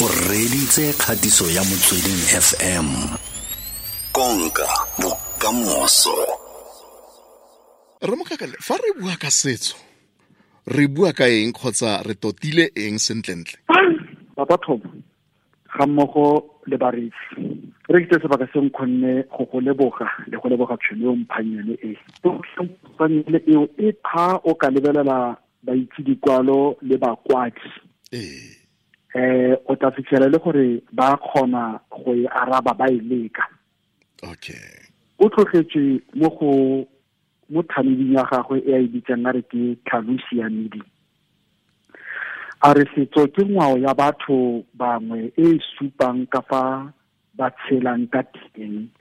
o reditse kgatiso ya motsweding fm konka bokamoso re mokakale fa re bua ka setso re bua ka eng kgotsa re totile eng sentlentle papa thobo ga mmogo le baretsi re ke sebaka se nkgonne go go leboga le go leboga tshwene o mphang yone e le eo e pha o ka lebelela baitse dikwalo le bakwadi ee eh o tla fitlhela e le gore ba kgona go e araba ba e leka okay o tlogetse mo go mo thameding ya gagwe e a e bitsang a re ke tlhalosi ya medi a re setso ke ngwao ya batho bangwe e e supang ka fa ba tshelang ka teng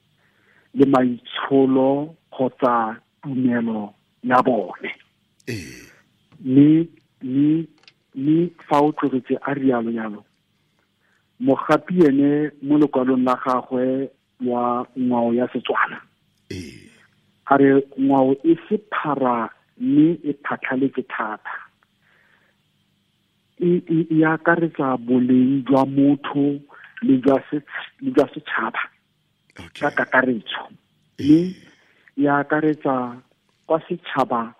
le maitsholo kgotsa tumelo ya bone mme mme fa o tlogetse a rialo jalo mogapi ene mo lekwalong la gagwe wa ngwao ya setswana ee. a re ngwao e sephara mme e phatlhaletse thata e, e, e akaretsa boleng jwa motho le jwa setšhaba ka kakaretso ee. mme e akaretsa kwa setšhaba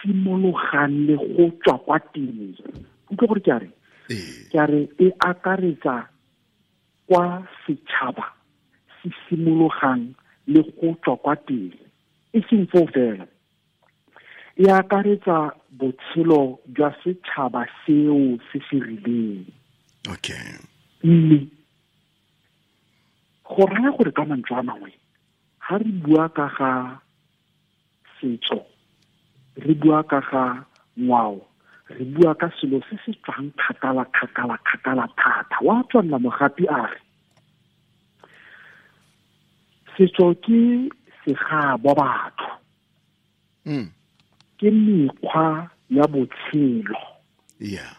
simologane go tswa kwa teng utlwe gore ke a re ee. ke a re e akaretsa kwa setšhaba se simologang le go tswa kwa teng e seng foo fela e akaretsa botshelo jwa setšhaba seo se se rileng mme go raya gore ka mantswe a mangwe ga re bua ka ga setso re bua ka ga ngwao re bua ka selo se se tswang kgakala kgakala kgakala thata wa tswa mogapi a re setso ke segabo batho mm. ke mekgwa ya botshelo yeah.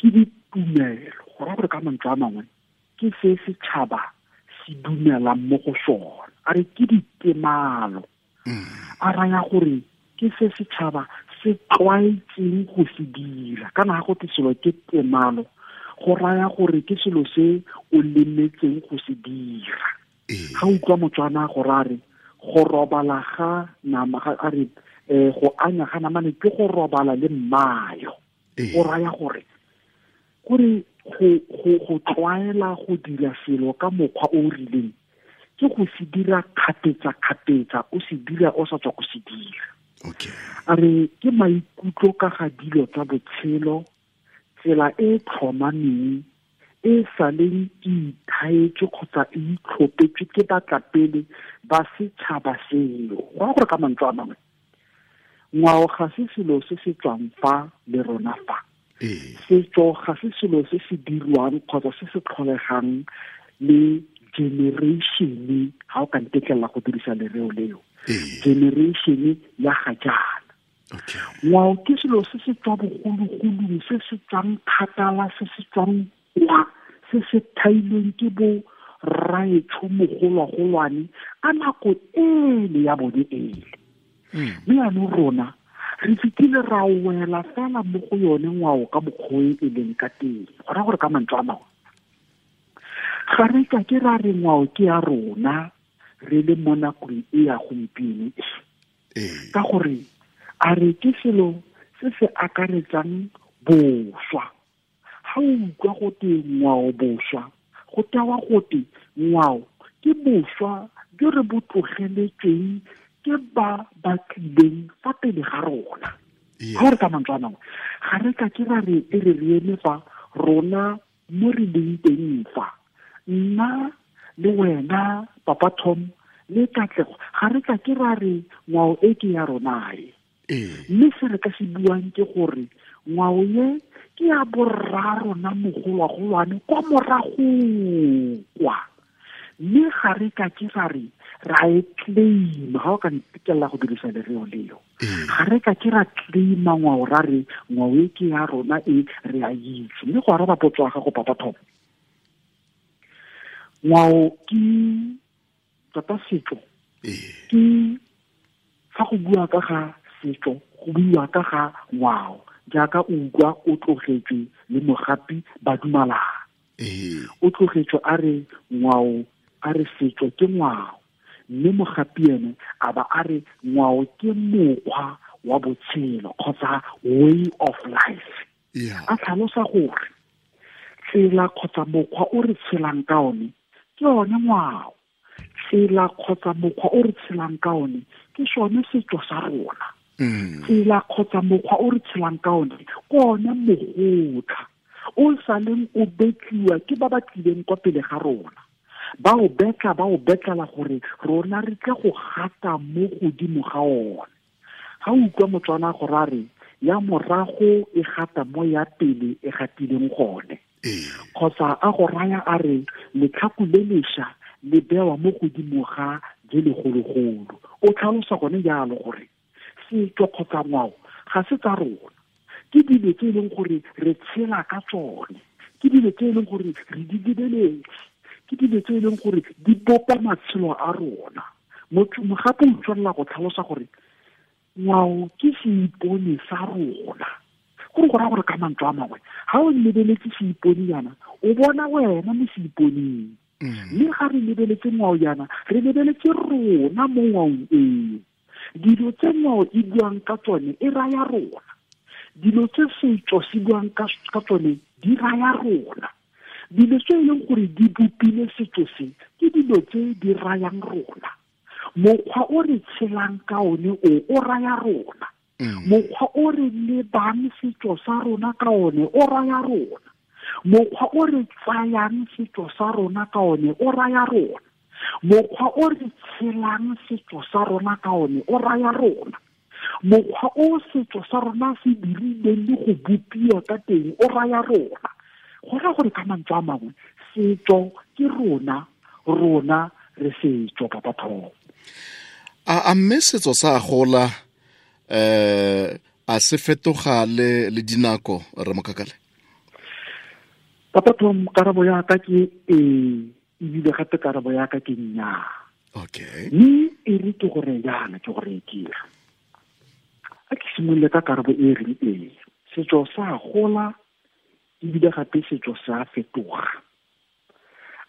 ke ditumelo go raya gore ka mantswe a mangwe ke se setšhaba se dumelang mo go sona a re ke ditemalo hmm. a raya gore ke se setšhaba se tlwaetseng go se dira kana ga gote selo ke temalo go raya gore ke selo se o lemetseng go se dira ee. ga utlwa motswana gore a go robala ga nama a re um go anya ga namane ke go robala le mmayo go ee. raya gore gore go tlwaela go dira selo ka mokgwa o o rileng ke go se dira kgapetsa-kgapetsa o se dira o sa tswa go se dira a re ke maikutlo ka ga dilo tsa botshelo tsela e e tlhomameng e saleng e ithaetse kgotsa e itlhopetswe ke batla pele ba setšhaba seno go gore ka mantswe a mangwe ngwao ga se selo se se tswang fa le rona fa ee. setso ga se selo se se dirwang kgotsa se se tlholegang le generation ga o ka ntetlelela go dirisa lereo leo Ee. generation ya ga jana ngwao ke selo se se tswa bogologolong se se tswang kgatala se se tswang kwa se se thailweng ke bo rraetsho mogolwagolwane ka nako ele ya bone ele mme yanong rona re fitile ra wela fela mo go yone ngwao ka bokgoe e leng ka teng gona gore ka mantswe a mangwe ga re ka ke ra re ngwao ke ya rona re le mo nakong e ya gompieno ee. ka gore a re ke selo se se akaretsang boswa ga o utlwa gote ngwao boswa go tewa gote ngwao ke boswa jo re bo tlogeletsweng ke ba ba fa pele ga rona ga ee. re ka mantswe a mangwe ga re ka ke ra re e re re eme fa rona mo re leng teng fa nna le wena papa tom le katlego ga re tla ke ra re ngwao e ke ya ronae ee. mme se re ka se buang ke gore ngwao ye ke ya borra rona mogolwagolwane kwa morago kwa mme ga re ka ke ra re ra e claim ga o ka ntekelela go dirisa le reo leo ee. ga re ka ke ra claima ngwao ra re ngwao e ke ya rona e re a itse mme go ara bapotswa gago papa thomo ngwao ke tota setso ee. ke fa go bua ka ga setso go bua ka ga ngwao jaaka o utlwa o tlogetswe le mogapi ba dumalana ee. o tlogetswe a re ngwao a re setso ke ngwao mme mogapi ene a ba a re ngwao ke mokgwa wa botshelo kgotsa way of life a tlhalosa gore tsela kgotsa mokgwa o re tshelang ka one ke yone ngwao tsela kgotsa mokgwa o re tshelang ka one ke sone setso sa rona mm. tsela kgotsa mokgwa o re tshelang ka one ke one mogotlha o saleng o betliwa ke ba ba tlileng kwa pele ga rona ba o betla ba o betlala gore rona re tle go gata mo godimo ga one ga o utlwa motswana gore a re ya morago e gata mo ya pele e gatileng gone kgotsa a go raya a re letlhako le lešwa le bewa mo godimo ga je legologolo o tlhalosa gone jalo gore setso kgotsa ngwao ga se tsa rona ke dilo tse e leng gore re tshela ka tsone ke dilo tse e leng gore re di lebeletse ke dilo tse e leng gore di bopa matshelo a rona motho gape o tswelela go tlhalosa gore ngwao ke seipone sa rona go go raya gore ka mantswe a mangwe ga o lebeletse seipone yana o bona wena mo seiponeng mm. mme ga re lebeletse ngwao yana re lebeletse rona mo ngwaong eo dilo tse ngwao e buang ka tsone e raya rona dilo tse setso se buang ka tsone di raya rona dilo tse e leng gore di bopile setso se ke dilo tse di rayang rona mokgwa o re tshelang ka one o o raya rona Mm. mokgwa o re lebang setso sa rona ka one o raya rona mokgwa o re tsayang setso sa rona ka one o raya rona mokgwa o re tshelang setso sa rona ka one o raya rona mokgwa o setso sa rona se dirileng le go bopiwa ka teng o raya rona go ra gore ka mantswe a mangwe setso ke rona rona re setso ka batho a mme setso sa gola eh a se fetoga le le dinako re mokakale papa karabo ya ka ke e ebile gape karabo ya ka ke nnyaa okay ni e re ke gore yana ke gore e ke a ke simolole ka karabo e reng e setso sa gola ebile gape setso sa fetoga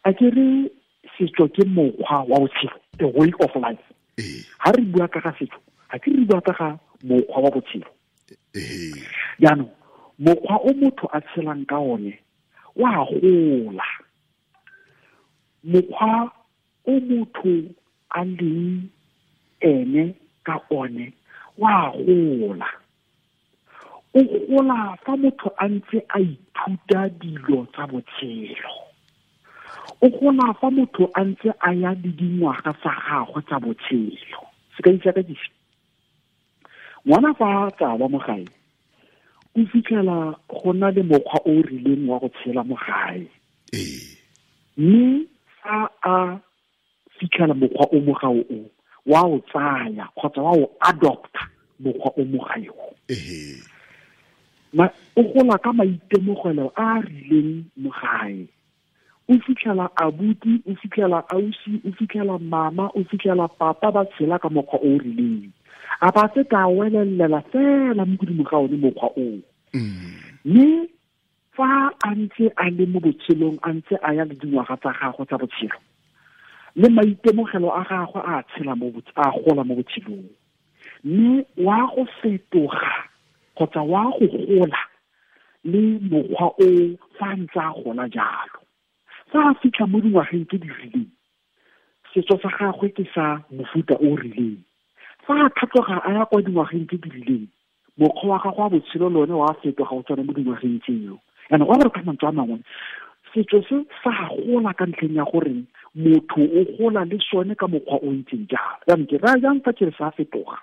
a ke re setso ke mokgwa wa botshelo the way of life ee. ha re bua ka ga setso ga ke re bua ka ga mokgwa wa botshelo jaanong mokgwa o motho a tshelang ka one wa gola mokgwa o motho a leng ene ka one wa gola o gola fa motho a ntse a ithuta dilo tsa botshelo o gola fa motho a ntse a ya le dingwaga tsa gagwe tsa botshelo se ka itsa dife ngwana fa tsa ba mo gae o fitlhela go na le mokgwa o o rileng wa go tshela mo gae ee. mme fa a fitlhela mokgwa o mo gao o wa o tsaya kgotsa wa o adopta mokgwa o mo gaeo o gola ka maitemogelo a a rileng mo gae o fitlhela abuti o fitlhela ausi o fitlhela mama o fitlhela papa ba tshela ka mokgwa o o rileng a ba tse ka welelela fela mo godimo ga one mokgwa oo mm. mme fa a ntse a le mo botshelong a ntse a ya le dingwaga tsa gagwe tsa botshelo le maitemogelo a gagwe a tshela mo a gola mo botshelong mme wa go fetoga kgotsa wa go gola le mokgwa o fa a ntse a gola jalo fa a fitlha mo dingwageng ke di rileng setso sa gagwe ke sa mofuta o rileng fa a tlhatlhoga a ya kwa dingwageng tse di rileng mokgwa wa gago wa botshelo le one wa fetoga o tswana mo dingwageng tseo and wa re ka mantswe a mangwe setso se sa gola ka ntlheng ya gore motho o gola le sone ka mokgwa o ntseng jalo yanong ke raya jang fa kere re sa fetoga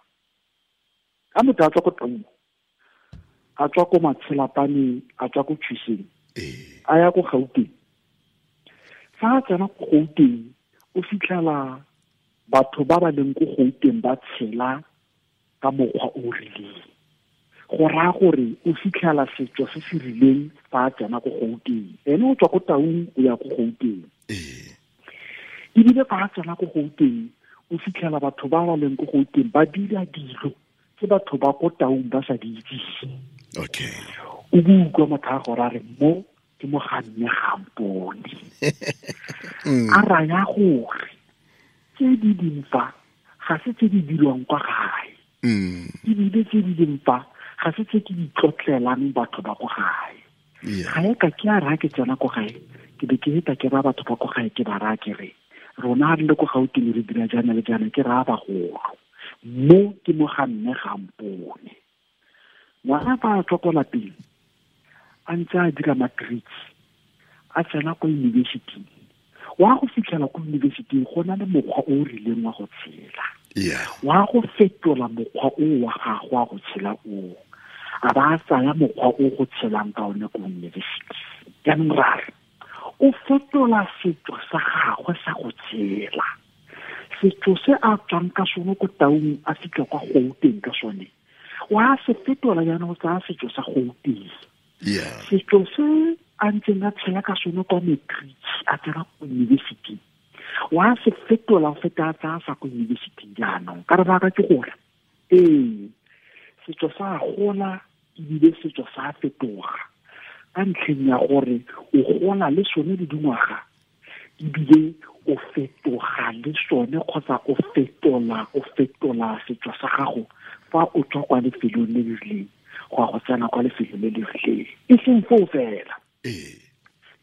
a motho a tswa ko tongo a tswa ko matshelapaneng a tswa ko thuseng ee. a ya ko gauteng fa a tsena ko gauteng o fitlhela batho ba ba leng ko gouteng ba tshela ka mokgwa o rileng go raya gore o fitlhela setso se se rileng fa a tsena ko gouteng ene o tswa ko taung o ya ko gouteng ee. ebile fa a tsena ko gouteng o fitlhela batho ba ba leng ko gouteng ba dira dilo ke batho ba ko taung ba sa di itsese okay o buutlwa motho a gore a re mo ke mo ga gampone mm. a raya gore tse di dimpa ga se tse di dirwang kwa gae mm. ebile tse di dimpa ga se tse ke di tlotlelang batho ba ko gae ga e ka ke a raya ke tsena ko gae ke be ke eta ke ba batho ba ko gae ke ba raya ke re rona re le ko gauteng re dira jaana le jaana ke raya bagolo mo ke mo ga mme ga mpone ngwana ba tswa ko lapeng a ntse a dira matrix a tsena ko yunibesiting wa go fitlhela ko university go na le mokgwa o o rileng wa go tshela wa go fetola mokgwa o wa gago wa go tshela o a ba a tsaya mokgwa o go tshelang ka one ko university jaanong rare o fetola setso sa gagwe sa go tshela setso se a tswang ka sone ko taung a fitlha kwa gouteng ka sone wa se fetola jaanong go tsaya setso sa gouteng setso se a ntseng a tshela ka sone kwa matric a tsena ko university wa se fetola go feta tsaya sa ko university jaanong ka re rebaka ke gore ee setso sa gola ebile setso sa fetoga ka ntlheng ya gore o gola le sone le dingwaga ebile o fetoga le sone kgotsa o fetola o fetola setso sa gago fa o tswa kwa lefelong le le rileng go ya go tsena kwa lefelong le le rileng e seng foo fela Ee.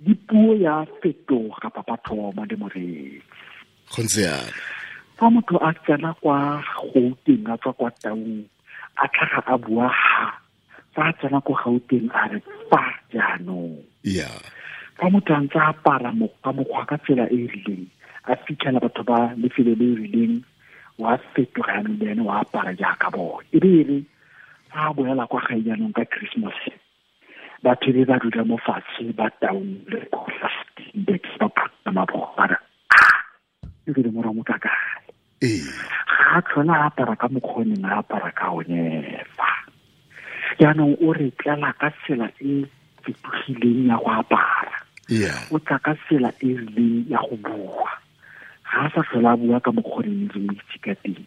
dipuo ya fetoga papa thoma le moretsi go ntse fa motho a tsena kwa gauteng a tswa kwa taung a tlhaga a bua ha fa a tsena ko gauteng a re fa jaanong ya fa motho a ntse a para ka mokgwa ka tsela e e rileng a fitlhela batho ba lefelo le e rileng wa fetoga yanong le ene wa apara jaaka bone e be e re fa a boela kwa gae jaanong ka christmas ba phele ba dula mo fatshe ba taole kolastindex ba phutsa mabogara e ke mora mo kakale ee. ga a tlhola a apara ka mokgoneng a apara ka onefa jaanong o re tlala ka tsela e fetogileng ya go apara o tla ka tsela e rileng ya go bua ga a sa tlhola a bua ka mokgoneng le mo itse ka teng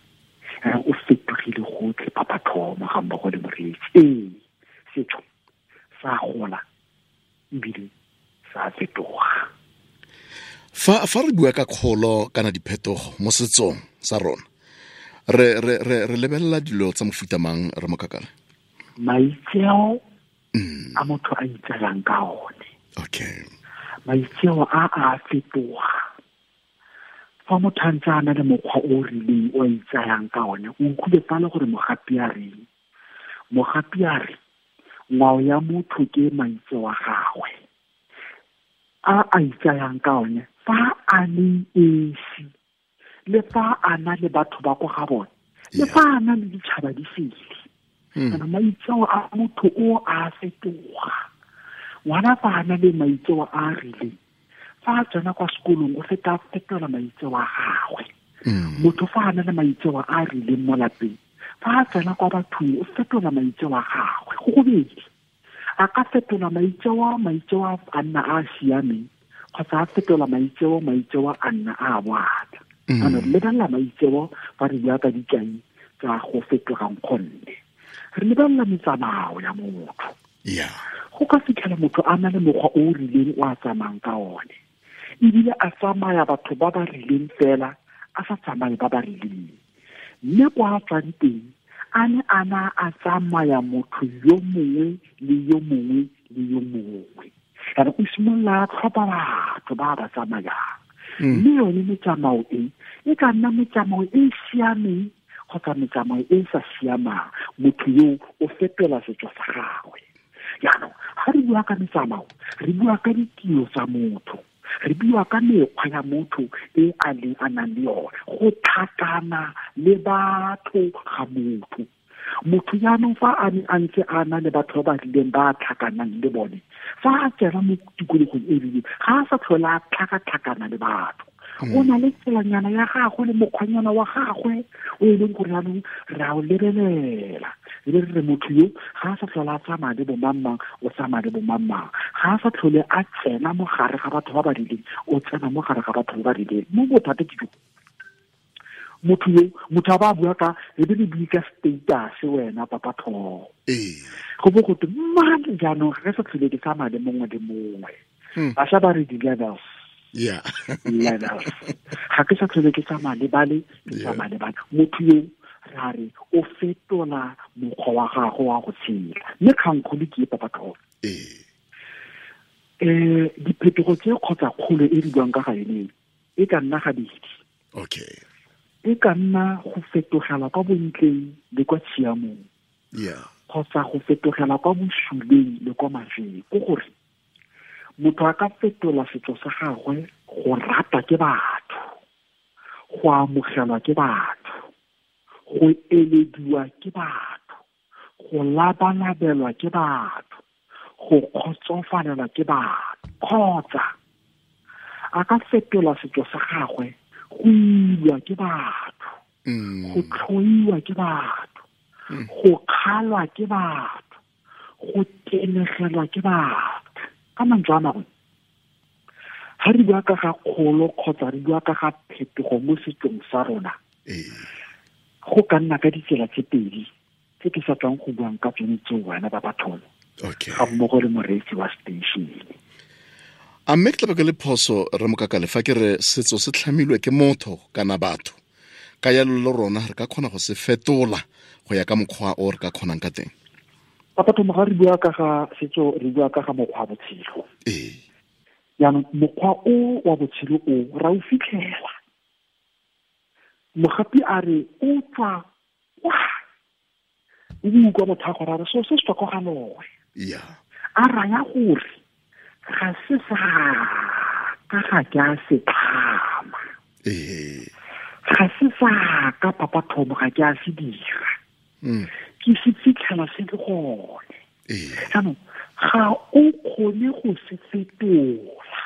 o fetogile gotlhe papatlhomo ga mmogo le moreetsi ee setho sa gola ebile sa fetoga fa fa re bua ka kgolo kana diphetogo mo setsong sa rona re re re re lebelela dilo tsa mofuta mang re mo kakala maitseo mm. a motho a itsalang ka one okay maitseo a a fetoga fa motho a ntse a na le mokgwa o rileng o a itsayang ka one o nkutlwe fa le gore mogapi a reng mogapi a re ngwao ya motho ke maitse wa gagwe a a itsayang ka one fa a le esi le fa a na le batho ba ko ga bone le fa a na le ditšhaba di sele hmm. kana maitseo a motho o a fetoga ngwana fa a na le maitseo a a rileng fa a tsena kwa sekolong o feta fetola maitseo a gagwe hmm. motho fa a na le maitseo a a rileng mo lapeng fa a tsena kwa bathong o fetola maitseo a gagwe go gobedi a ka fetola maitseo maitseo a nna a a siameng kgotsa a fetola maitseo maitseo a nna a a boata mm. ano lebelela maitseo fa re bua ka dikai tsa go fetogang kgonne re lebalela metsamao ya motho go ka fitlhela motho a na le mokgwa o o rileng o a tsamayang ka one ebile a tsamaya batho ba ba rileng fela a sa tsamaye ba ba rileng mme ko a tswang teng a ne a na a tsamaya motho yo mongwe le yo mongwe le yo mongwe yana o simolola a tlhopa batho ba ba tsamayang mm. mme yone metsamao e e ka nna metsamao e e siameng kgotsa metsamao e e sa siamang motho yo o fetola setso sa gagwe jaanong ga re bua ka metsamao re bua ka ditiro tsa motho re bua ka mekgwa ya motho e a leng a nang le yone go thatana le batho ga motho motho jaanong fa a ne a ntse a na le batho ba ba rileng ba tlhakanang le bone fa a tsela mo tikologong e rileng ga a sa tlhole a tlhakatlhakana le batho hmm. o na le tselanyana ya gagwe le mokgwanyana wa gagwe o e leng gore jaanong re a o lebelela e re re motho yo ga a sa tlhole a tsamaya le bomangmang o tsamaya le bomangmang ga a sa tlhole a tsena mogare ga batho ba ba rileng o tsena mogare ga batho ba ba rileng mo bothata ke jo motho yo motho a ba bua ka e be le bue ka status wena papa thogo ee. go bo gote mane jaanong ge sa tlhole ke tsamaya le mongwe le mongwe hmm. bašwa ba re di levels ga ke sa tlhole ke tsamaya le bale ke tsamaya le bale motho yo ra re o fetola mokgwa wa gago wa go tshela mme kgankgolo g ke e papatlhola um diphetogo tse kgotsa kgolo e di buang ka ga yone e ka nna gabedi okay e ka nna go fetogela kwa bontleng le kwa tshiamong y a kgotsa go fetogela kwa bosuleng le kwa mafeng ke gore motho a ka fetola setso sa gagwe go rata ke batho go amogelwa ke batho go elediwa ke batho go labalabelwa ke batho go kgotsofalelwa ke batho kgotsa a ka fetola setso sa gagwe go ilwa ke batho mm. go tlhoiwa ke batho mm. go kgalwa ke batho go tenegelwa ke batho ka mantswe a mangwe ga re bua ka ga kgolo kgotsa re bua ka ga phetogo mo setsong sa rona go ka nna ka ditsela tse pedi tse ke sa tswang go buang ka tsone tse wena ba batholo ga mmogo le moreetsi wa station a mme ke tla baka le phoso re mokakale fa ke re setso se tlhamilwe ke motho kana batho ka yalo le rona re ka kgona go se fetola go ya ka mokgwa o re ka kgonang ka teng ba pathomo ga re bua ka ga setso re bua ka ga mokgwa botshelo ee yaanong mokgwa o wa botshelo o ra o fitlhela mogapi a re o tswa kwa o utlwa motho a gore re seo se se tswa ko ga a raya gore ga se sa ka ga ke a se tlhama ee. ga se sa ka papa thobo ga ke a se dira mm. ke se fitlhela se le gone ee. jaanong ga o kgone go se fetola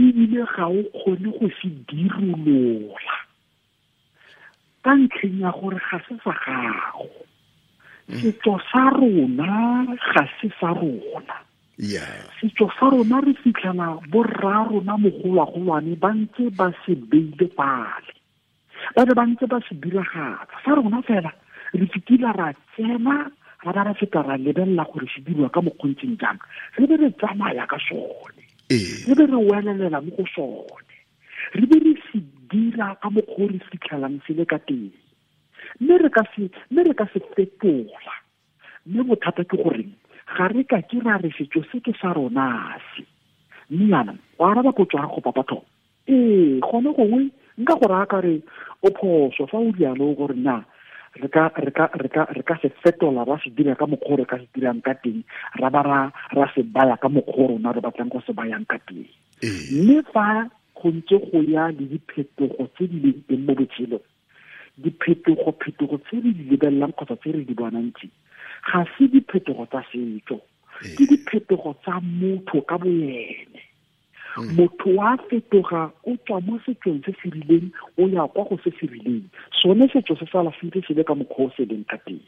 ebile ga o kgone go se dirolola ka ntlheng ya gore ga se sa gago setso sa rona ga se sa rona setso sa rona re fitlhela borra rona mogolwagolwane ba ntse ba se beile fale ba be ba ntse ba se diragatsa fa rona fela re fetila ra tsena ra ba ra feta ra lebelela gore se diriwa ka mokgontseng jang re be re tsamaya ka sone ee. re be re welelela mo go sone re be re se dira ka mokgwa fitlhelang se le ka teng mme re ka se fetola mme bothata ke goreng ga re ka ke ra re setso se ke sa ronase se mme yana go araba go tswa go papatlho ee gone gongwe nka go raya ka o phoso fa o dialo gore na re ka se fetola ra se dira ka mokgwa re ka se dirang ka teng ra ba ra ra se baya ka mokgwa rona re batlang go se bayang ka teng ee. mme fa go ntse go ya le diphetogo tse di leng teng mo botshelong diphetogo-phetogo tse re di lebelelang kgotsa tse re di bonantsi ga se diphetogo tsa setso ee. ke diphetogo tsa motho ka boene hmm. motho wa fetoga o tswa mo setsong se se rileng o ya kwa go se se rileng sone setso se sala sentse se be ka mokgwa o se leng ka teng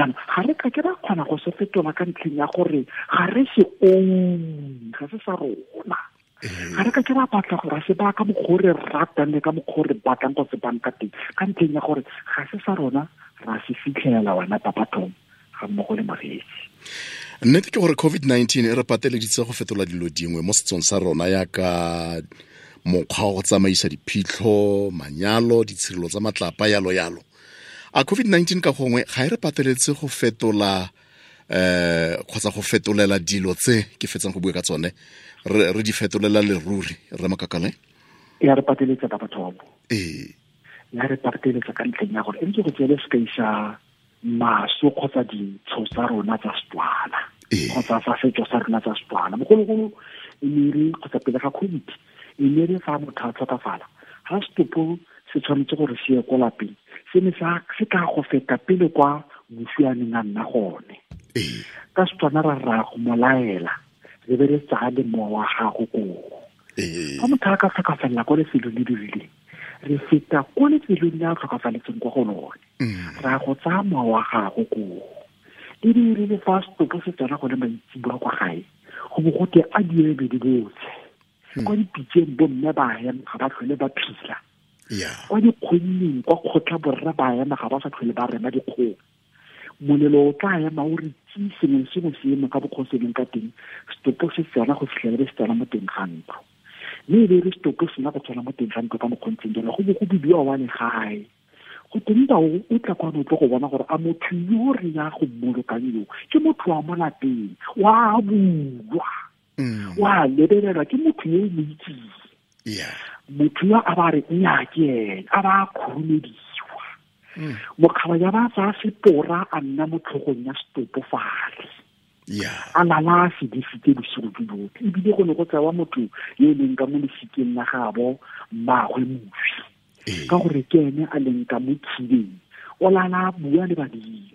jaanong ga re ka ke ra kgona go se fetola ka ntlheng ya gore ga re se on ga se sa rona ga re ka ke ra batla gore se ba ka re ratang le ka mokgwa batlang go se bang ka teng ka ntlheng ya gore ga se sa rona ra se fitlhelela wena papathong ga mmogo le magetsi nnete ke gore covid-19 e re pateleditse go fetola dilo dingwe mo setsong sa rona yaka mokgwa wa go tsamaisa diphitlho manyalo ditshirelo tsa matlapa yalo yalo a covid-19 ka gongwe ga e re pateletse go fetola eh kgotsa go fetolela dilo tse ke fetsang go bua ka tsone re re di fetolela ruri re makakale ya re pateletsa ka bathobo ee ya re pateletsa ka ntleng ya gore e ntse go tsele se ka isa maso kgotsa ditsho tsa rona tsa setswana ee. kgotsa sa setso sa rona tsa setswana bogologolo e ne e re kgotsa pele ga covid e ne e re fa motho a tlhokafala ga setopo se tshwanetse gore se ye ko lapeng se ne se ka go feta pele kwa mofianeng a nna gone ee. ka setswana ra ra go molaela le be re tsaya lemo wa gago koo ee. fa motho a ka tlhokafalela kwa lefelong le dirileng re feta ko lefelong le a tlhokafaletseng kwa go lone mm. ra go tsaya mowa wa gago koo e dirile fa stopo se tsena go le mantsibua kwa gae go bo gote a diebe di botse mm. kwa dipitseng bo mme ba ema ga ba tlhole ba phila kwa dikgonneng kwa kgotla borra ba ema ga ba sa tlhole ba rema dikgong molelo o tla ema o re se sengwe se go se ema ka bokgoseleng ka teng setopo se tsana go fitlhelele se tsena mo teng ga ntlo mme e be re setopo sena go tsena mo teng ga ntlo ka mokgontseng jalo go bo go bidiwa wa legae go teng o tla kwa notlo go bona gore a motho yo re ya go molokang yo ke motho wa mo lapeng wa bulwa mm. wa lebelelwa ke motho yo o mo itseng motho yo a ba re nnyaa ke ene a ba a khurumediwa Mm. mokgaba ya ba tsa sepora a nna motlhogong ya setopo fale a lala a sedifitse bosigo ke botlhe ebile go ne go tsewa motho yo e leng ka mo lefikeng la gabo mmaagwe moswi ee. ka gore ke ene a leng ka mo thibeng o lala bua le badimo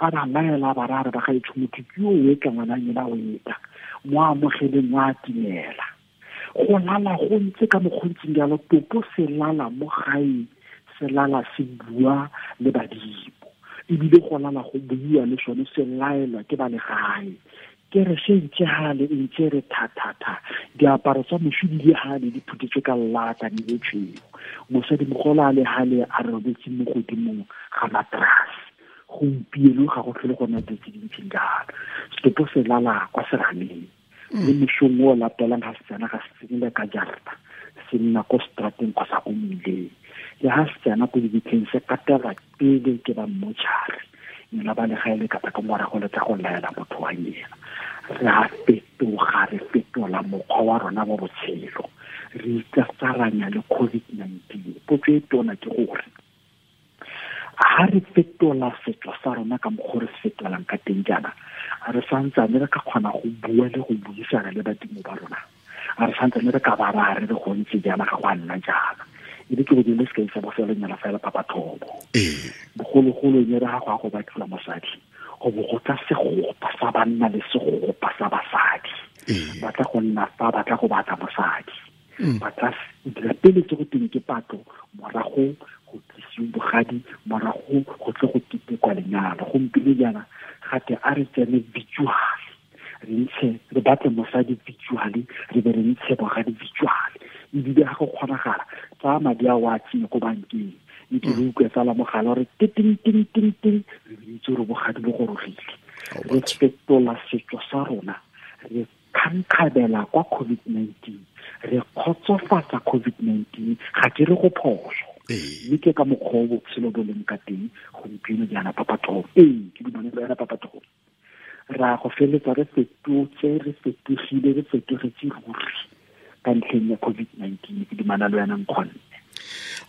a ba laela barare ba gaetsho motho ke yo o etla ngwanang ela o eta mo amogeleng wa atimela go lala go ntse ka mokgontsing jalo topo se lala mo gae se lala se bua le badimo ebile go lala go bua le sone se laelwa ke ba legae ke re se ntse gale e ntse re thathatha diaparo tsa mosudi di gale di phutetswe ka llata di le tshweu mosadimogolo a le a robetse mo godimong ga matrase gompieno ga go tlhole gona tse tse dintseng jalo setopo se lala kwa serameng le mm. mosong o o latelang ga setsena ga se tsenele ka jarta se nna ko strateng kgotsa ko mmileng le ha se tsena go dibitleng se katela pele ke ba mmotshare nna ba le gaele kata ka morago le tsa go laela motho wa nyena re a ga re fetola mokgwa wa rona mo botshelo re itsasaranya le covid-19 potso e tona ke gore ha re fetola setso sa rona ka mokgwa se fetolang ka teng jaana re santsane re ka kgona go bua le go buisana le badimo ba rona a re santsane re ka ba bare le go ntse jaana ga go a nna jaana e be ke bodimo le sekai sa fa nyana papa papathobo ee. bogologolo ne re ga go ya go batlola mosadi go bo go tsa segopa sa banna le segopa sa basadi ee. ba tla go nna fa ba tla go batla mosadi mm. ba tla dira pele tse go teng ke patlo morago go tlisiwe bogadi morago go tle go ketekwa lenyalo gompieno jaana gate a re tsene visually re ntshe re batle mosadi visually re be re ntshe bogadi visually ebile ga go kgonagala tsaya madi a o a tsenye ko bankeng e ke re utlwe tsala mogala gore ke re itse gore bogadi bo gorogile oh, re fetola setso sa rona re khankhabela kwa covid-19 re kgotsofatsa covid-19 ga ke re go phoso ee. mme ke ka mokgwa o botshelo bo leng ka teng gompieno jaana papatogo ee ke dumanelo yana papatogo ra go feletsa re fetotse re fetogile re fetogetse ruri ka ntlheng ya covid-19 ke dumana le wena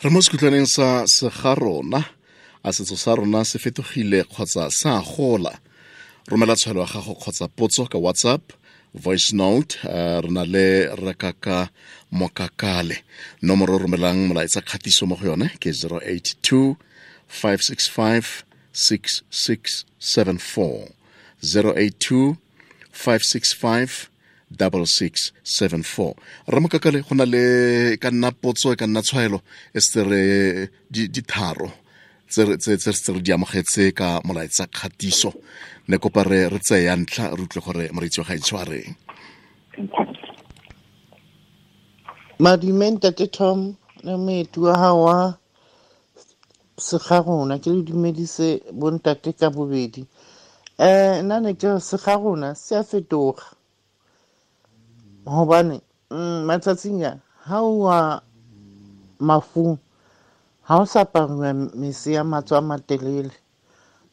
re mo sekutlwaneng sa sega rona a setso sa rona se fetogile kgotsa sa gola romela tshwalo ya gago kgotsa potso ka whatsapp voice note uh, re na le rekaka mokakale nomoro o e romelang molaetsa kgatiso mo go yone ke 082 565 6674 082 565 double six seven four ramakakale go na le ka nna potso e ka nna tshwaelo e se re ditharo tse se re di amogetse ka molaetsa kgatiso ne kopa re re tseye ya ntlha re utlwe gore moreitsi wa gaetsho a reng madumeng tom le moeti wa gago wa segarona ke le dumedise bontate ka bobedi um nna ne ke segarona se a fetoga gobane mm, matsatsing a ha wa mafung ga o sa apariwa mese ya matso a matelele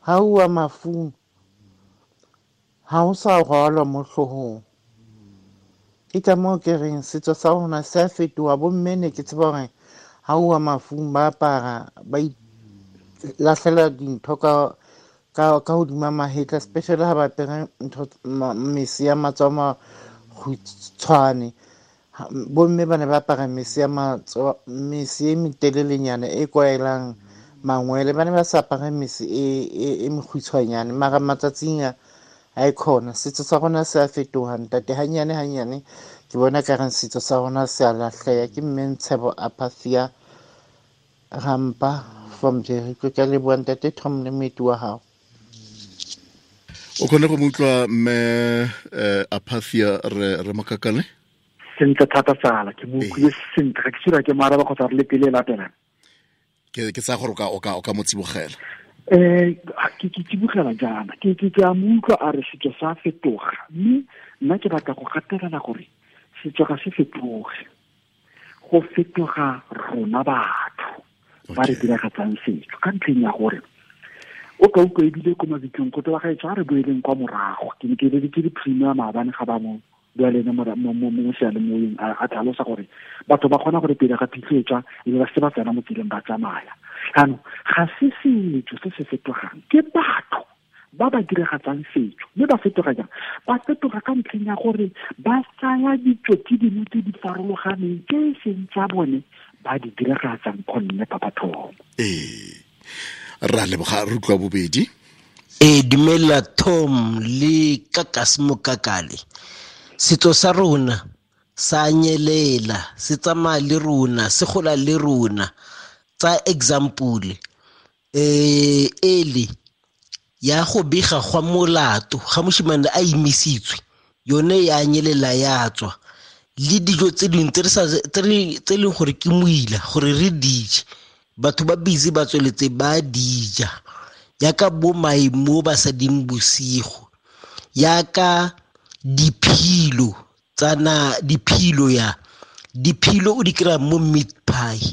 ha wa mafung ga o sa rwalwa mo hlogong ke ka moo kereng setso sa rona se a fetoha bomme ne ke tseba gore ha wa mafung ba apara ba latlhela dintho ka ka godima mahetla specially ga ba apere mese ya matso a go bomme ba ne ba apara mese e metelelenyana e kwaelang mangwele ba ne ba sa apara mese e, e, e mekgutshwanyane mara matsatsinga a e kgona setso sa rona se a fetoga ntate gannyane gannyane ke bona e kareng setso sa rona se a latlhega ke mmentshebo apathia rampa from jerico ka leboa ntate tom le meti wa gago o kgone go motlwa me eh, apathia re re makakane sentle thata tsala ke boutlwile ee. sentle ga ke sira ke ba kgotsa re le pele tena ke ke sa gore ka o ka o ka mo tsibogela eh ke ke tsibogela jana ke ke ke a mutlwa a re setso sa fetoga mme nna ke batla go gatelela gore setso ga se fetoge go fetoga rona batho ba re diragatsang setso ka ntlheng ya gore o ka utlwa ebile ko mabikeng go wa gaetso a re boeleng e kwa morago ke ne ke eleditse di-premier maabane ga ba mo bua le mo a tlhalosa gore batho ba kgona gore pele ga phitlhoetswa ebe ba se ba tsena mo tseleng ba tsamaya jaanong ga se setso se se fetogang ke batho ba ba diragatsang setso mme ba fetoga jang ba fetoga ka ntlheng ya gore ba tsaya ditso tse dingwe tse di farologaneng tse e seng tsa bone ba di diragatsang kgonne pa bathong ee ra leboga re kwa bobedi e dumela tom le kakase mokakale setso sa rona sa nyelela se tsamaya le rona se gola le rona tsa example e ele ya go bega gwa molato ga moshimane a imisitswe yone ya nyelela ya tswa le dijo tse dingwe tse e leng gore ke moila gore re dije batho ba busy ba tsweletse ba dija yaka bo maemo ba sa bosigo yaka diphilo tsana diphilo ya diphilo o di kry-a mo meat pie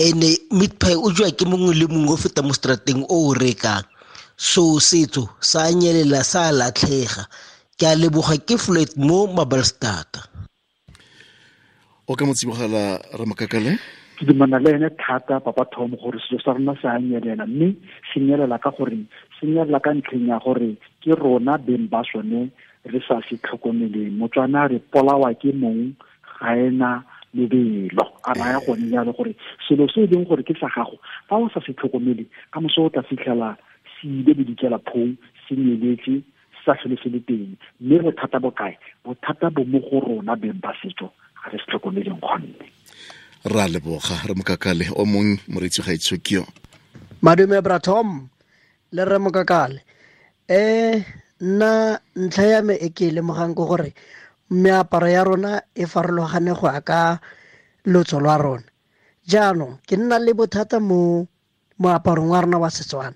and-e meat pie o jwa ke mongwe le mongwe o feta mo strateng o o rekang so setso sa nyelela sa latlhega ke a leboga ke floyd mo mabalstata o ka motsibogala ramakakale ke dumana le ene thata papa thom gore selo sa rona se a nyelela mme se nyelela ka gore se nyelela ka ntlheng ya gore ke rona beng ba sone re sa se tlhokomeleng motswana re polawa ke mong ga ena lebelo a raya gone jalo gore selo se e leng gore ke sa gago fa o sa se tlhokomele ka moso o tla fitlhela se ile bodikela phou se nyeletse sa tlhole se le teng mme bothata bokae bothata bo mo go rona beng ba setso ga re se tlhokomeleng kgonne re leboga re mokakale o mong moreetsi ga itsho ke madume bratom le re mokakale eh nna ntlha ya me e ke e lemogang ke gore meaparo ya rona e farologane go ya ka lotso lwa rona jaanong ke nna le bothata mo moaparong wa rona wa setswana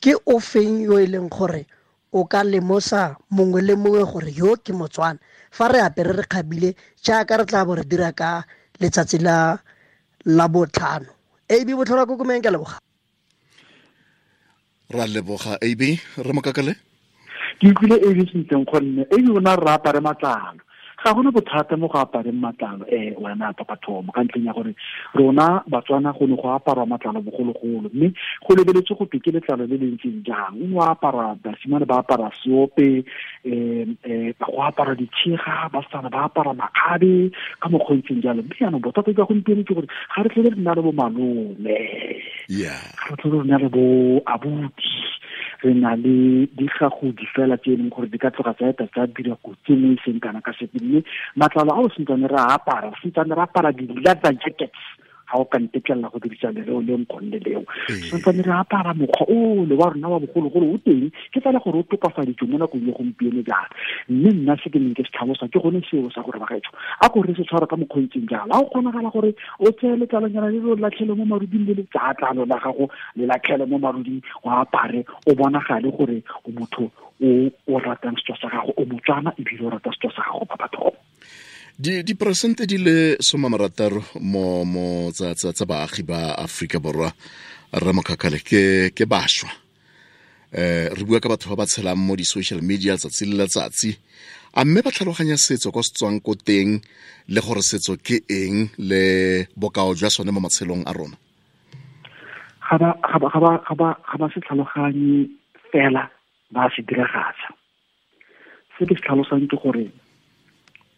ke o feng yo e leng gore o ka lemosa mongwe le mongwe gore yo ke motswana fa re apere re kgabile jaaka re tla bo re dira ka letsatsi la la botlhano ab botlhora ko komeng ke leboga ra leboga ab re mo kakale ke utlwile ab sentleng gonne ab o ne re apare matlalo ga gona bothata mo go apareng matlalo um wena papa thomo ka ntleng ya gore rona batswana go ne go aparwa matlalo bogologolo mme go lebeletse go ke letlalo le le ntseng jang o apara basimane ba apara seope um go apara ditshega basana ba apara makgabe ka mokgwa ntseng jalo mme yaanong bothata ka gompieno ke gore ga re tlhole re nna le bo malome ga re tlhole re na le bo abuti re na le digagodi fela tse e leng gore di ka tloga tsaeta eta tsa dira kotsi mo e seng kana ka sepe mme matlalo a o sentane re a apara sentane re apara di-leather jackets ga o ka ntetlelela go dirisa lereo le nkonne leo santsane ee. re apara mokgwa ole wa rona wa bogologolo o teng ke fela gore o tokafaditswe mo nakong ye gompieno jana mme nna se ke neng ke se tlhalosa ke gone seo sa gore bagaetsho a kore se tshwara ka mokgontseng jalo a o kgonagala gore o tseye letlalonyana le le latlhele mo maruding le letsatlalo la gago le latlhele mo maruding o apare o bonagale gore o motho o ratang setso sa gago o motswana ebile o rata setso sa gago ba batho di di di le soma marataro mo mo tsa tsa tsa baagi ba aforika borwa rre mo ke ke bashwa eh re bua ka batho ba ba tshelang mo di social media tsa le letsatsi a mme ba tlhaloganya setso kwa tswang ko teng le gore setso ke eng le bokao jwa sone mo matshelong a rona ga ba ga ba se tlhaloganye fela ba se diragatsa se ke se tlhalosang ke gore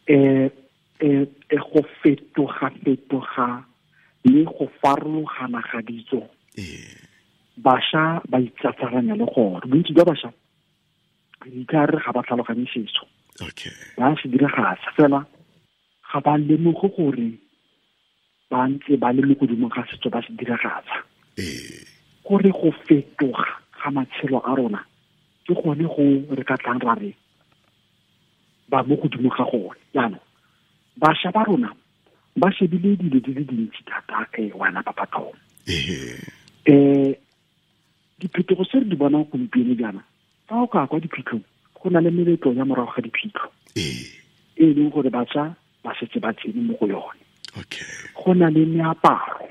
eh E, e go fetoga fetoga le go farologana ga ditso bašwa ba itsatsaranya le gore bontsi jwa bašwa ka re ga ba tlhaloganye setso ba se diragasa fela ga ba lemoge gore ba ntse ba le mo godimo ga setso ba se diragatsa gore go fetoga ga matshelo a rona ke gone go re ka tlang ra re ba mo godimo ga gone jaanong bašwa ba rona ba shebile dilo di le dintsi thata um wana papa patlhong um eh, diphetogo se re di bonang gompieno jaana fa o ka kwa diphitlhong go na le meletlo ya morago ga diphitlho e e leng gore bašwa ba setse ba tsene mo go yone go na le meaparo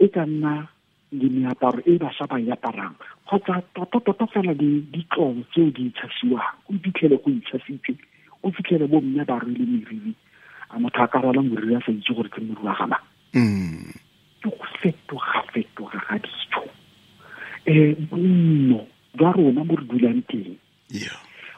e ka nna le meaparo e bašwa ba e aparang kgotsa toto toto fela le ditlong tseo di itshasiwang o iphitlhele go itshasitse o fitlhele bo mme ba le meriri a motho a ka rwala moriri a sa itse gore ke moriri wa gamang mm. ke go fetoga-fetoga ga dijo um bonno jwa rona mo re dulang teng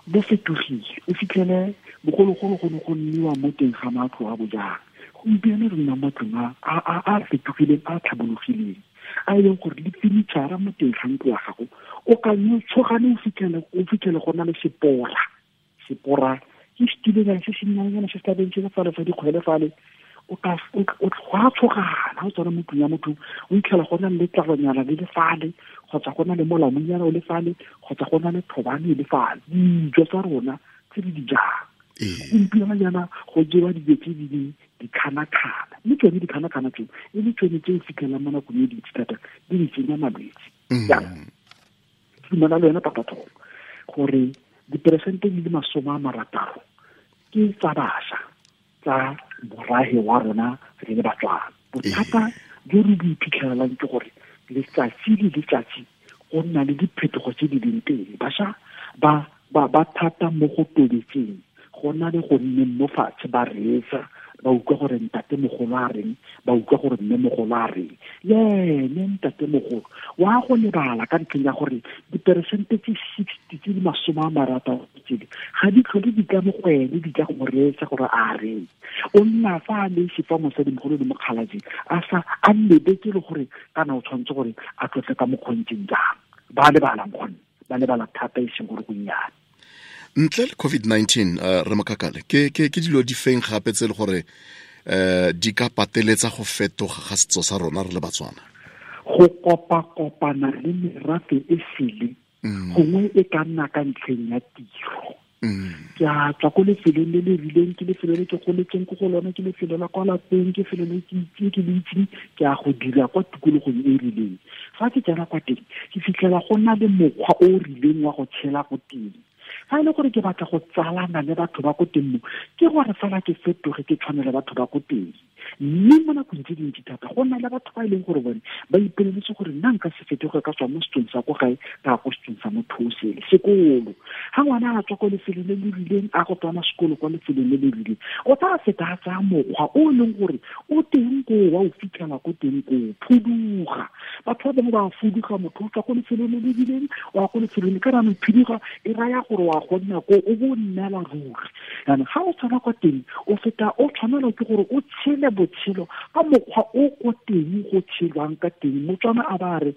bo fetogile o e fitlhele bogologolo go ne go nniwa mo teng ga matlo a bojang gompieno re nna matlong a fetogileng a tlhabologileng a e leng gore le fenitšhara mo teng ga ntlo ya gago o ka tshogane o fitlhele go na le sepora sepora ke setilenyana se sennyanyana se se tlabeng fale fa dikgwele fale go a tshogana go tsena mo tlong ya motho o itlhela go na le tlalonyana le lefale kgotsa go na le molamonyana o lefale kgotsa go na le thobane e le fale dijo tsa rona tse di dijang ee. gompieno go jewa dijo tse di leng dikhana-khana mme tsone dikhana-khana tseo e le tsone tse o fitlhelelang mo nakong e dintsi thata di di tsenya malwetse mm. jaanong fumana le yone papatlholo gore diperesente di le masome a marataro ke tsa bašwa tsa borage wa rona re le batswana bothata ee. jo re bo iphitlhelelang ke gore letsatsi le letsatsi go nna le diphetogo tse di leng teng bašwa ba thata mo go tobetseng go na le go nne mo fatshe ba reetsa ba utlwa gore ntate mogolo a reng ba utlwa gore mme mogolo a reng yene ntate mogolo wa go lebala ka ntlheng ya gore diperesente tse sixty tse di masome a marata tsedi ga di tlhole di tla mogwele di ka go reetsa gore a reng o nna fa a leise fa mosadimogolo le mokgalatseng a sa a lebetse le gore kana o tshwanetse gore a tlotle ka mokgontseng jang ba lebalang gonne ba lebala thata e seng gore go nnyane ntle le covid-19 uh, re makakale ke, ke, ke dilo di feng gape tse e le gore um uh, di ka pateletsa go fetoga ga setso sa rona re le batswana go kopa-kopana le merafe e sele mm. gongwe e ka nna ka ntlheng ya tiro mm. ke a tswa ko lefelong le le rileng ke lefelo le ke goletseng ko go lona ke lefelo la kwa lapeng ke felo le ke ke le itseng ke a go dira kwa tikologong e, e rileng fa ke jana kwa teng ke fitlhela go na le mokgwa o rileng wa go tshela ko teng ga e le gore ke batla go tsalana le batho ba ko teng mo ke gore fela ke fetoge ke tshwane le batho ba ko teng mme mo nakong tse dintsi thata go na le batho ba e leng gore bone ba ipeleletse gore nna nka se fetoge ka tswa mo setsong sa ko gae ka ko setsong sa motho o sele sekolo ga ngwana a tswa kwa lefelong le le rileng a go tswana sekolo kwa lefelong le le rileng o tla feta a tsaya mokgwa o e leng gore o teng koo wa o fitlhela ko teng koo phuduga batho ba bangwe ba fuduga motho o tswa ko lefelong le le rileng o ya ko lefelong le ka ranong phuduga e raya gore oa gonna nna koo o bo nnela ruri yanong ga o tshwana kwa teng o feta o tshwanelwa ke gore o tshele phele botshelo ka mokgwa o ko teng go tshelwang ka teng motswana a ba re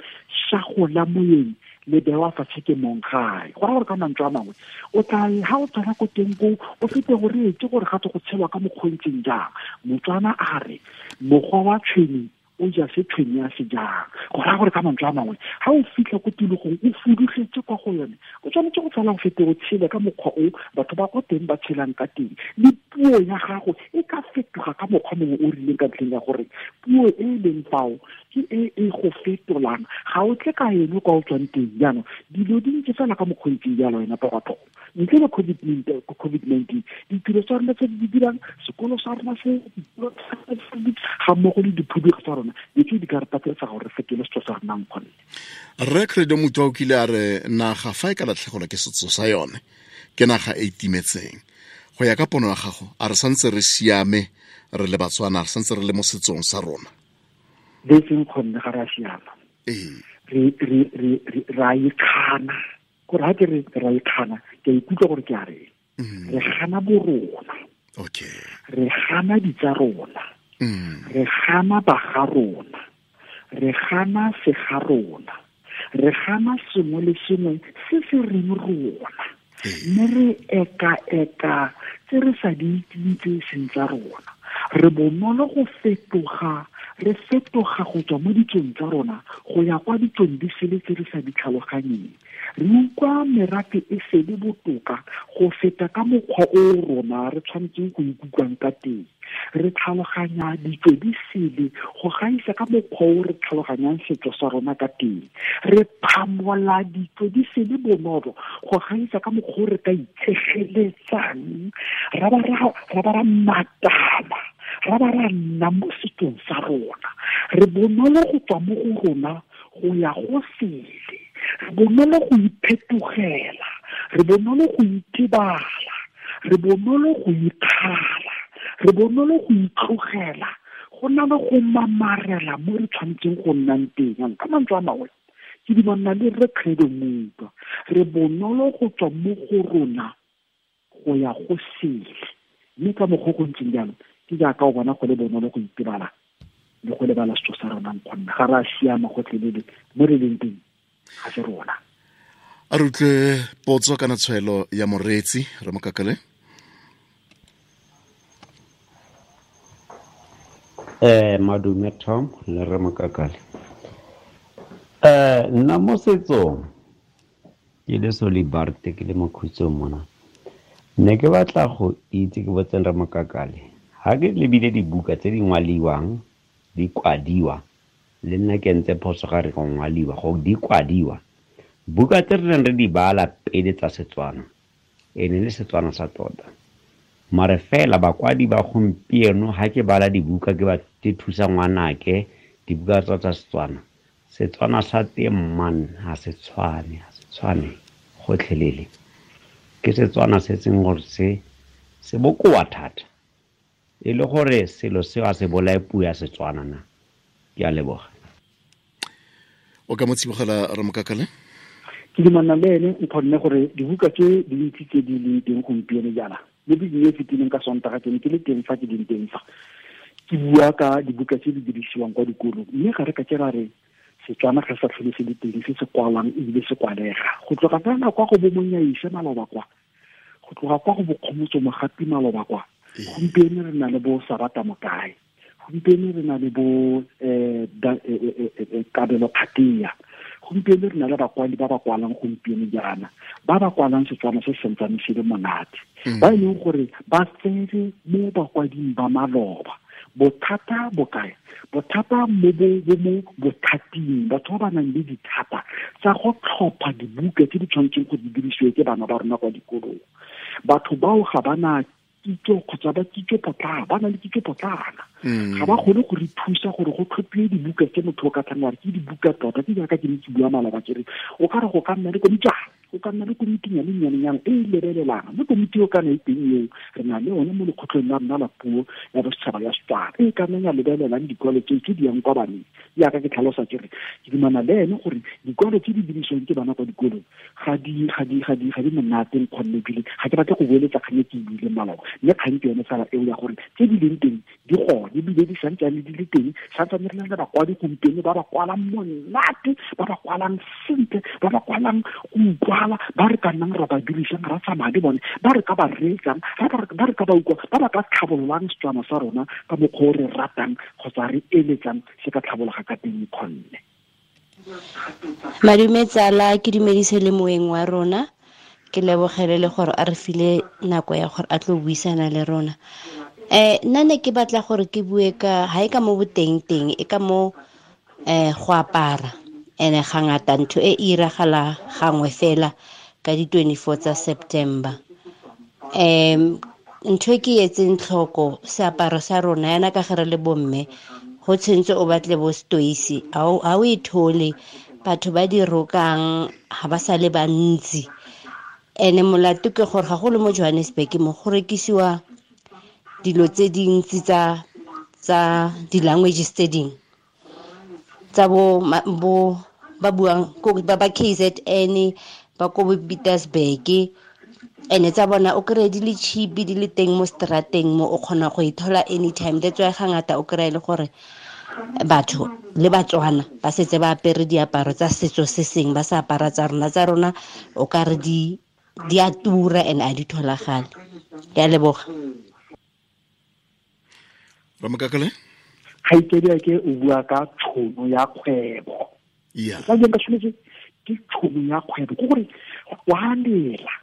shago gola moyeng le bewa fatshe ke mongae go ra gore ka mantswe a mangwe o tla ha o tsena ko teng ko o fete gore etse gore ga go tshelwa ka mokgontseng jang motswana a re mokgwa wa tshweneng o ja se tshwenya ya sejang go raya gore ka mantle a mangwe ga o fitlha ko tulogong o fudutletse kwa go yone o tshwanetse go tsala go fete go tshele ka mokgwa o batho ba ko teng ba tshelang ka teng le puo ya gago e ka fetoga ka mokgwa mongwe o rileng ka ntlheng ya gore puo e e leng fao ke e e go fetolang ga o tle ka eno kwa o tswang teng jaanong dilo di ntse fela ka mokgontsi jalo wena pogatogo ntle le covid-19 ditiro tsa rona tse di dirang sekolo sa rona se ga mmogo le diphudego tsa rona di tse di ka re patletsa gore re fetole setso sa rona nkgonne re credo motho o kile a re naga fa e ka latlhegelwa ke setso sa yone ke naga e itimetseng e go ya ka pono ya gago a re santse re siame re le batswana re santse re le mo setsong sa rona le seng kgonne ga re siama ra ikgana gore ga ke re ra ikgana ke ikutlwa gore ke a reng mm-hmm. re gana borona re gana ditsa mm-hmm. rona re gana baga rona re gana sega rona re gana sengwe le sengwe se se reng rona mme re eka-eka tse re sa di itseng tse seng tsa rona re bonolo go fetoga re fetoga go tswa mo ditsong tsa rona go ya kwa ditsong di sele tse re sa di tlhaloganyeng re utlwa merafe e sele botoka go feta ka mokgwa o rona re tshwanetseng go ikutlwang ka teng re tlhaloganya ditso di sele go gaisa ka mokgwa o re tlhaloganyang setso sa rona ka teng re phamola ditso di sele bonolo go gaisa ka mokgwa o re ka itshegeletsang ra ba ra matala ra ba ra nna mo setong sa rona re bonolo go tswa mo go rona go ya go sele re bonolo go iphetogela re bonolo go itebala re bonolo go ikgala re bonolo go itlogela go na le go mamarela mo re tshwanetseng go nnang teng ka mantswe a mangwe ke di bona le re credo mutwa re bonolo go tswa mo go rona go ya go sele mme ka mokgwa go ntseng jalo ke jaaka o bona go le bonolo go itebala le go lebala setso sa rona mokgonna ga re a siama gotlhelele mo re leng teng ga se rona a re utlwe potso kana tshwaelo ya moreetsi re mokakale eh madume tom le re kakale eh nna mo setsong ke le solibarte ke le mokhutsong mona ne ke batla go itse ke botseng re mokakale ga ke lebile dibuka tse di ngwaliwang di kwadiwa le nna ke ntse phoso ga re go ngwaliwa go di kwadiwa buka tse re neng re di bala pele tsa setswana e ne e le setswana sa tota mare fela bakwadi ba gompieno ga ke bala dibuka ke ba ke thusa ngwanake dibuka tsa tsa setswana setswana sa teng man ga se tshwane ga se tshwane gotlhelele ke setswana se e seng gore se se bokoa thata e le gore selo seo a se bolae puo ya setswana na ke a leboga o ka mo ramokakale ke dimanna le ene nkgonne gore dibuka tse dintsi tse di leng teng gompieno jaana le bedie e fetileng ka sontaga tsene ke le teng fa ke leng teng fa ke bua ka dibuka tse di dirisiwang kwa dikolong mme ga re ka ke ra re setswana ga sa tlhole se le teng se se kwalwang ebile se kwalega go tloga fela kwa go bo monyaise e maloba kwa go tloga kwa go bokgomotso mogapi maloba kwa gompieno re na le bo sarata mokae gompieno re na le bo um kabelo kgatea gompieno re na le bakwadi ba ba kwalang gompieno jana ba ba kwalang setswana se sentsane se le monate hmm. ba e leng gore ba tsere mo bakwading ba maloba bothata bokae bothata mo bo mo bothating batho ba ba nang le dithata tsa go tlhopha dibuka tse di tshwanetseng go di dirisiwe ke bana ba rona kwa dikolong batho bao ga ba na kitso kgotsa ba kitso potlana ba na le kitso potlana mm. ga ba kgone go re thusa gore go tlhophiwe dibuka tse motho o ka tlhanare ke dibuka tota ke jaaka ke ne ke bua malaba kere o ka re go ka nna le ko o ka nna le komiting ya lenyane e e lebelelang mme komiti o kana e teng eo re na le one mo lekgotleng la rona la puo ya bosetšhaba ya setswana e ka neng ya lebelelang dikwalo tse tse di yang kwa baneng yaka ke tlhalosa kere ke dumana le ene gore dikwalo tse di dirisiwang ke bana kwa dikolong ga di monateng kgonne ga ga ke batle go boeletsa kganye ke e buile malao mme kgang ke yone fela eo ya gore tse di leng teng di gone ebile di santsane di le teng santsane re na le bakwadi gompieno ba ba kwalang monate ba ba kwalang sentle ba ba kwalang go utlwa bala ba re ka nnang ra ba dirisang ra tsamaya le bone ba re ka ba reetsang ba re ka ba utlwa ba ba ka tlhabololang setswana sa rona ka mokgwa o re ratang kgotsa re eletsang se ka tlhabologa ka teng kgonne madume tsala ke dumedise le moeng wa rona ke lebogele le gore a re file nako ya gore a tlo buisana le rona um nna ne ke batla gore ke bue ka ga e ka mo boteng teng e ka mo um go apara ene ga ngata ntho e e iragala gangwe fela ka di-twenty-four tsa september um ntho e ke etseng tlhoko seaparo sa rona yana ka gare le bomme go tshwanetse o batle bo stoisi ga o e thole batho ba di rokang ga ba sa le bantsi ene molato ke gore ga go le mo johannesburg mo go rekisiwa dilo tse dintsi tsa di-languages tse dingwe tsa bo ba buang ba ba kzn ba ko petersburg ene tsa bona o kry-e di le chipi di le teng mo strateng mo o kgona go e thola anytime that's why ga ngata o kry-e le gore batho le batswana ba setse ba apere diaparo tsa setso se seng ba sa apara tsa rona tsa rona o ka re di a tura and a di tholagale ke a leboga ramokakale gaikedi ke o bua ka tšhono ya kgwebo ka jeng ka ke tšhono ya kgwebo ko gore wa lela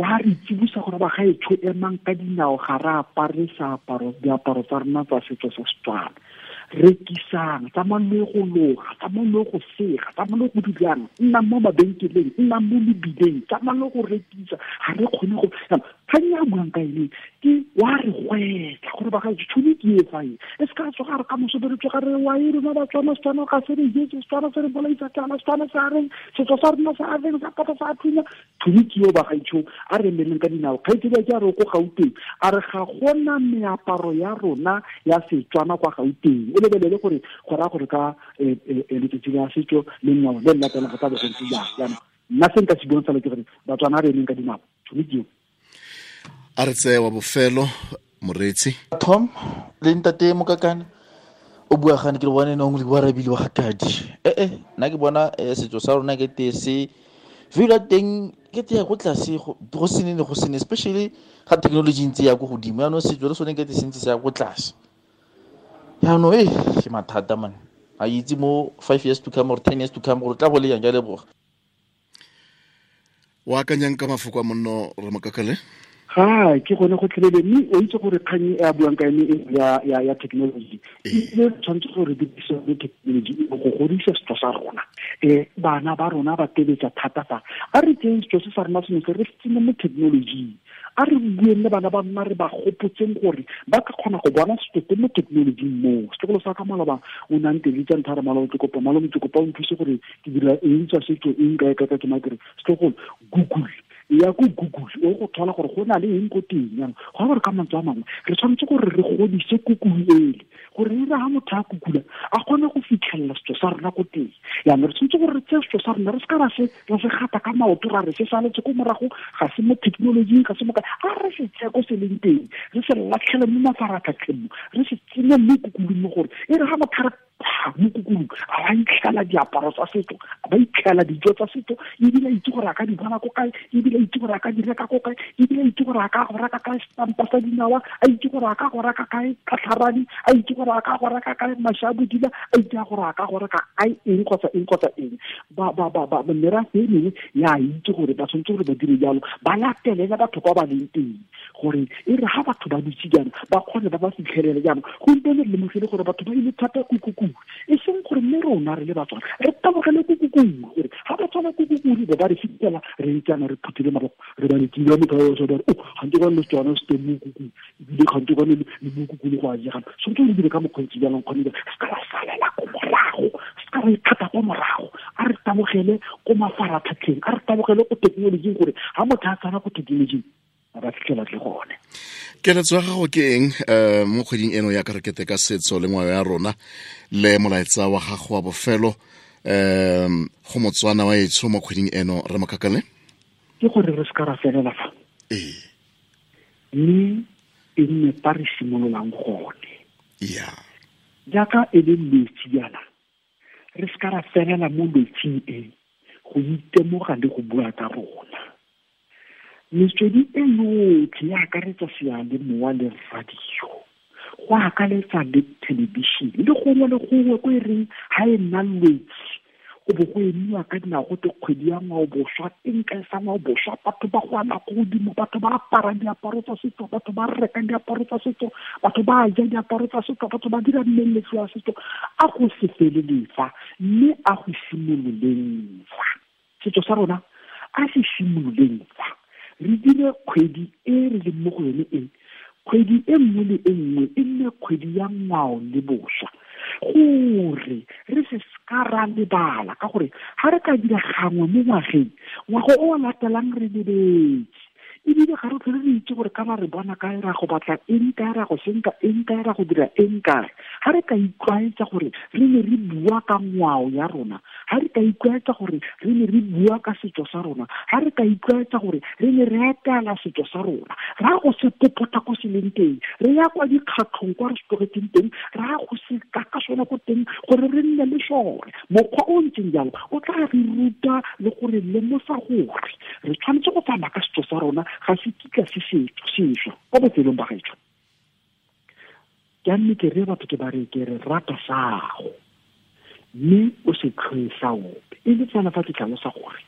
wa re tsibusa gore ba ga gaetsho emang ka dinao ga re apare seaparo diaparo tsa rona tsa setso sa setswana rekisang tsamayang le go loga tsamayang le go sega tsamayang le go dulana nna mo mabenkeleng nna mo lebileng tsamayang le go rekisa ga re kgone go ga nne buang ka ene ke wa re gwetla gore ba gae tšhono ke e faeng e se ka tsoga re ka mosobeletswe ga re wa e rena batswana setswana ga se re jetse setswana se re bolaisa setswana sa reng setso sa rena sa reng sa pata sa thunya thunya ke yo bagaitšho a re emeleng ka dinao kgaitsedi ke a re ko gauteng a re ga gona meaparo ya rona ya setswana kwa gauteng o e lebelele gore go raya gore ka e, e, letsatsi la setso le ngwao le nnatelang go tla jang jaanong nna se nka se bontsala ke gore batswana a re emeng ka dinao thunya ke a re tseye wa bofelo moreetsi tom le ntate mokakane o buagane ke le bone nong le bua rabile wa gatadi ee nna ke bona eh, setso sa rona ke tese fela teng ke teya go tlase go sene go sene especially ga thekenoloji e ntse e ya ko godimo yaanong setso le sone ke tese ntse se ya ko tlase yaanong e ke mathata mane a itse mo five years to come or ten years to come gore tla go le yang ka leboga o akanyang ka mafoko a monno re ramakakale ga ke gone go tlelele mme o itse gore kgang e a buang ka ene e ya technology ebile ee. e tshwanetse gore dirisane technology go godisa setso sa rona um bana ba rona ba tebetsa thata fa a re tseng setso se sa rona sene se re tsene mo technologyng a re bueng le bana ba rona re ba gopotseng gore ba ka kgona go bona setoto mo thekenolojing moo setlogolo sa ka maloba o nang teng tsa nthara malao ke kopa malao ke kopa o nthuse gore ke dira eng tsa setso eng kae kaka ke makere setlogolo google ya go google o e go thola gore go na le eng ko teng yanong go a gore ka mantswe a mangwe re tshwanetse gore re godise kukui ele gore ira ha motho a kukula a kgone go fitlhelela setso sa rona ko teng yaanong re tshwanetse gore re tseye setso sa rona re se ka ra se gata ka maoto ra re se saletse ko morago ga se mo thekenolojing ga se moka a re se tseye ko se leng teng re se latlhele mo mafaratlhatlheng re se tsenya mo kukulung mo gore e re ga motho ga a ba itlhela diaparo tsa setso a ba itlhela dijo tsa setso ebile itse gore a ka di bona ko kae ebile itse gore a ka di reka ko kae ebile itse gore a ka go reka kae stampa sa dinawa a itse gore a ka go reka kae katlharane a itse gore a ka go reka kae mašwa a bodila a itse gore a ka go reka kae eng kgotsa eng kgotsa eng merafo e mengwe ya itse gore ba tshwanetse gore ba dire jalo ba latelela batho ba ba leng teng gore e re ga batho ba dutse jaana ba kgone ba ba fitlhelele jaanong go ntele lemogele gore batho ba ile thata kukuku kukung e seng gore mme rona re le batswana re tabogele ko kukung gore ga batswana tswana ko ba re fitela re ikana re phuthile marogo re ba letile motho wa o gante kwane le tswana se teng mo ebile gante kwane le mo go a jegana sontse re dire ka mokgontsi jaanong kgone se ka la salela ko morago se ka ra ithata ko morago a re tabogele ko mafaratlhatlheng a re tabogele ko thekenolojing gore ga motho a tsana ko thekenolojing ba fitlhela tle gone keletso ya gago ke eng um mo kgweding eno ya karekete ka setso le ngwao ya rona le molaetsa wa gago wa bofelo um go motswana wa etsho mo kgweding eno re makakale ke gore re se ka ra felela fa ee mme e nne pa re simololang gone ya jaaka e le metsi jana re se ka ra felela mo metsing e go itemoga le go bua ka rona metswedi e yotlhe ya akaretsa sealemowa le radio go akaletsa le television le gongwe le gongwe ko e reng ga e nna go bo go emiwa ka dinago te kgwedi ya ngwaoboswa e nka e sa ngwaoboswa batho ba go ala ko godimo batho ba apara diaparo tsa setso batho ba reka diaparo tsa setso batho ba ja diaparo tsa setso batho ba dira mmeletso ya setso a go se feleletsa mme a go simololeng tsa setso sa rona a se simololeng re dire kgwedi e re leng mo go yone e kgwedi e nngwe le e nngwe e nne kgwedi ya ngwao le bošwa gore re se ka ra lebala ka gore ga re ka dira gangwe mo ngwageng ngwago o latelang re lebetse ebile ga re tlhole re itse gore ka ba re bona ka era go batla eng ka era go senka eng ka era go dira eng kare ga re ka itlwaetsa gore re ne re bua ka ngwao ya rona ga re ka itlwaetsa gore re ne re bua ka setso sa rona ga re ka itlwaetsa gore re ne re etela setso sa rona ra go se popota ko se leng teng re ya kwa dikgatlhong kwa re setlogetseng teng ra go se ka ka sone ko teng gore re nne le sore mokgwa o ntseng jalo o tla re ruta le gore lemosa gore re tshwanetse go tsamaya ka setso sa rona ga se kika se setso sešwa kwa botselong ba gaetsho ke a mme ke re batho ke ba re ke re rata sago mme o se tlhoe sa ope e le tsana fa ke tlhalosa gore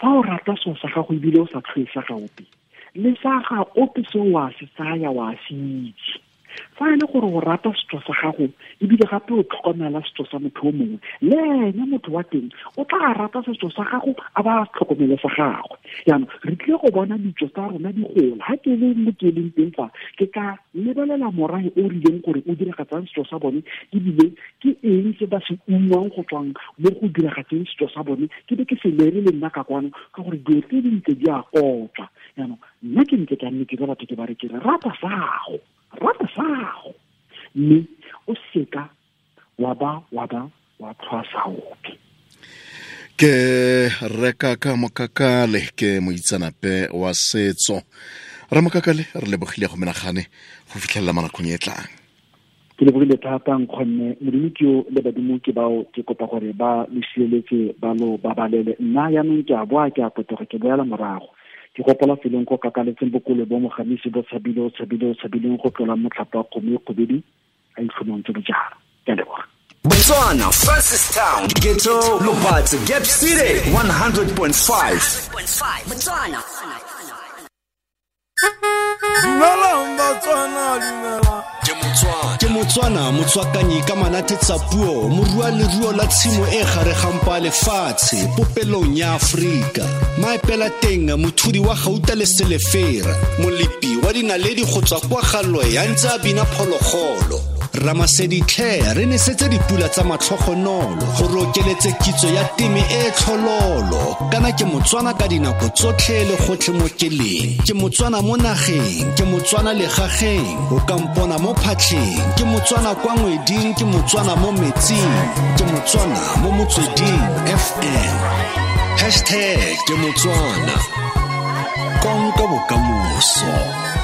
fa o rata seo sa gago ebile o sa tlhoe sa ga ope le sa ga ope se wa se tsaya wa se itse fa e le gore o rata setso sa gago ebile gape o tlhokomela setso sa motho o mongwe le ene motho wa teng o tla rata setso sa gago a ba a tlhokomele sa gagwe jaanong re tlile go bona ditso tsa rona di gola ga ke le mo ke leng teng fa ke ka lebelela morae o rileng gore o diragatsang setso sa bone ebile ke eng se ba se ungwang go tswang mo go diragatseng setso sa bone ke be ke se lere le nna ka kwano ka gore dilo tse di a kotswa jaanong nna ke ntle ka nne ke ba batho ke ba re ke re rata sago rata sago mme o seka wa ba wa ba wa tshwasa ope ke reka ka mokakale ke moitsanape wa setso re mokakale re lebogile go menagane go fitlhelela manakong e, e tlang ke lebogile thata nkgonne modimo ke yo le badimo ke bao ke kopa gore ba losieletse ba lo babalele nna yaanong ke a boa ke a potoga ke boela morago ke gopola feleng go kakaletseng bokolo bo mogamisi bo tshabile o tshabile o tshabileng go tlola motlhapa wa kgomo e kgobedi a itlhomong tse bojara ke leboga botswana francistown geto lobatse gap city 100.5 dumelang batswana dumela ke motswana motswakanyi ka manathetsa puo morua leruo la tshimo e garegampa lefatshe popelong ya aforika maepela teng mothudi wa gauta le selefera molepi wa dinaledi go tswa kwa galwe ya ntse a bina phologolo ramasedi tlhe re nesetse dipula tsa matlhogonolo gore okeletse kitso ya teme e, e tlhololo kana ke motswana ka dinako tsotlhe le gotlhe mo keleng ke motswana mo nageng ke motswana legageng o ka mpona mo phatlheng ke motswana kwa ngweding ke motswana mo metsing ke motswana mo motsweding fm hashtag ke motswana konka bokamoso